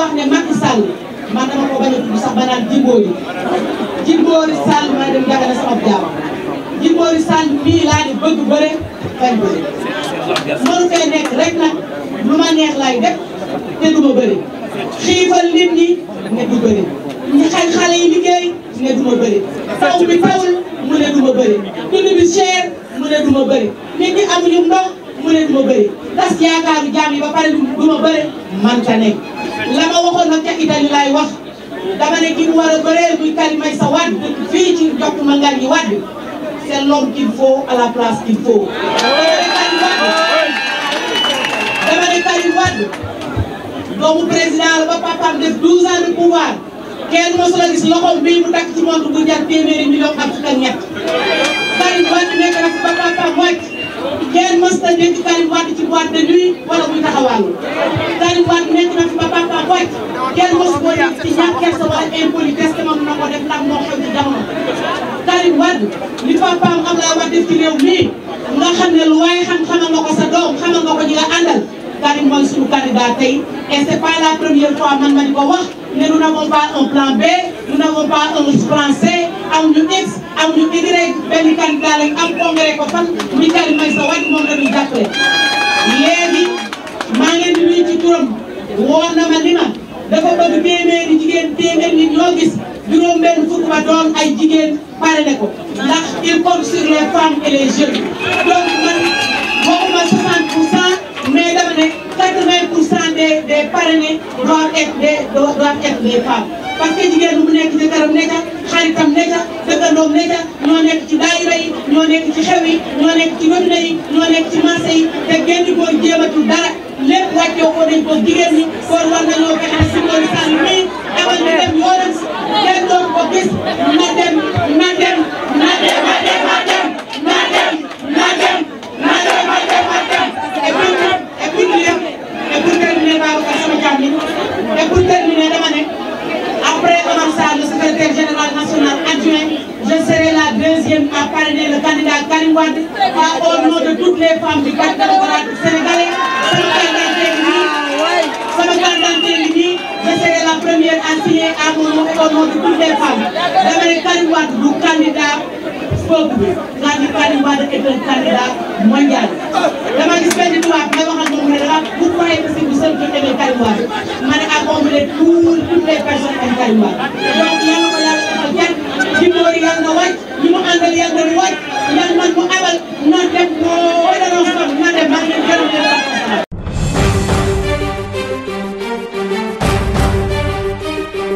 wax ne Macky Sall man dama ko bañ a tudd sax ba naan Jimbori ma dem jaxale sama jaamam Jimbori Sall mii laa di bëgg bëre bañ bëre mënu fee nekk rek nag lu ma neex laay def te du bëre xiifal nit ne du bëre ñi xañ xale yi liggéey ne du ma bëre taw bi tawul mu mu ne du ma bëri tas yaakaaru jaam yi ba pare du ma bëri manta nekk la ma waxoon nag wax dama ne ki mu war a bëree muy kalimay sa waat fii ci jokk ma ngan yi waat bi c'est l'homme qu'il la place qu'il faut dama ne Karim Wade doomu président la ba papaam def 12 ans kenn mosul a gis loxoom bii mu takk ci montre bu jar téeméeri million ak fukk ak ñett Karim Wade nekk na denc Karim Wade ci boîte de nuit wala muy taxawaalu Karim Wade nekk na fi ba papa wàcc kenn mosu ko def ci ñàkk kersa wala impolitesse te moom na ko def ndax moo xew ci jamono Karim Wade li papaam Abdoulaye Wade def ci réew mii nga xam ne lu waaye xam xamal ko sa doom xamal nga ko ñi nga àndal Karim mooy suñu candidat tey et c'est pas la première fois man ma di ko wax ne nous n'avons pas un plan B nous n'avons pas un plan C amuñu X amuñu Y benn candidat lañ am congrès ko fan rek moom la ñuy jàppale léegi maa ngeen di nuyu ci turam na ma ni ma dafa bëgg téeméeri jigéen téeméer nit ñoo gis juróom benn fukk ba doon ay jigéen pare ne ko ndax il compte sur les femmes et les jeunes donc man waxuma 60 pour cent dama ne 80 pour cent des des parrainés doivent être des doivent être des femmes parce que jigéen bu nekk jëkkëram nekk xaritam nekk dëkkandoom nekk ñoo nekk ci daay ñoo nekk ci xew yi ñoo nekk ci madina yi ñoo nekk ci marché yi te genn góor jéematul dara lépp wàccoo ko dañ ko jigéen ñi kon war nañoo fexe deuxième à parrainer le candidat Karim Wade au nom de toutes les femmes du Parti démocratique sénégalais. sama carte d'identité bi je serai la première à signer à mon nom et au nom de toutes les femmes dama ne Karim Wade du candidat peuple laa di Karim Wade est un candidat mondial. dama gis benn tubaab nga wax ak moom ne la vous croyez que c'est vous seul qui aimez Karim Wade ma ne à combler toutes les personnes aiment Karim Wade donc yàlla ko yàlla defal kenn jiw yàlla na wàcc. million to what?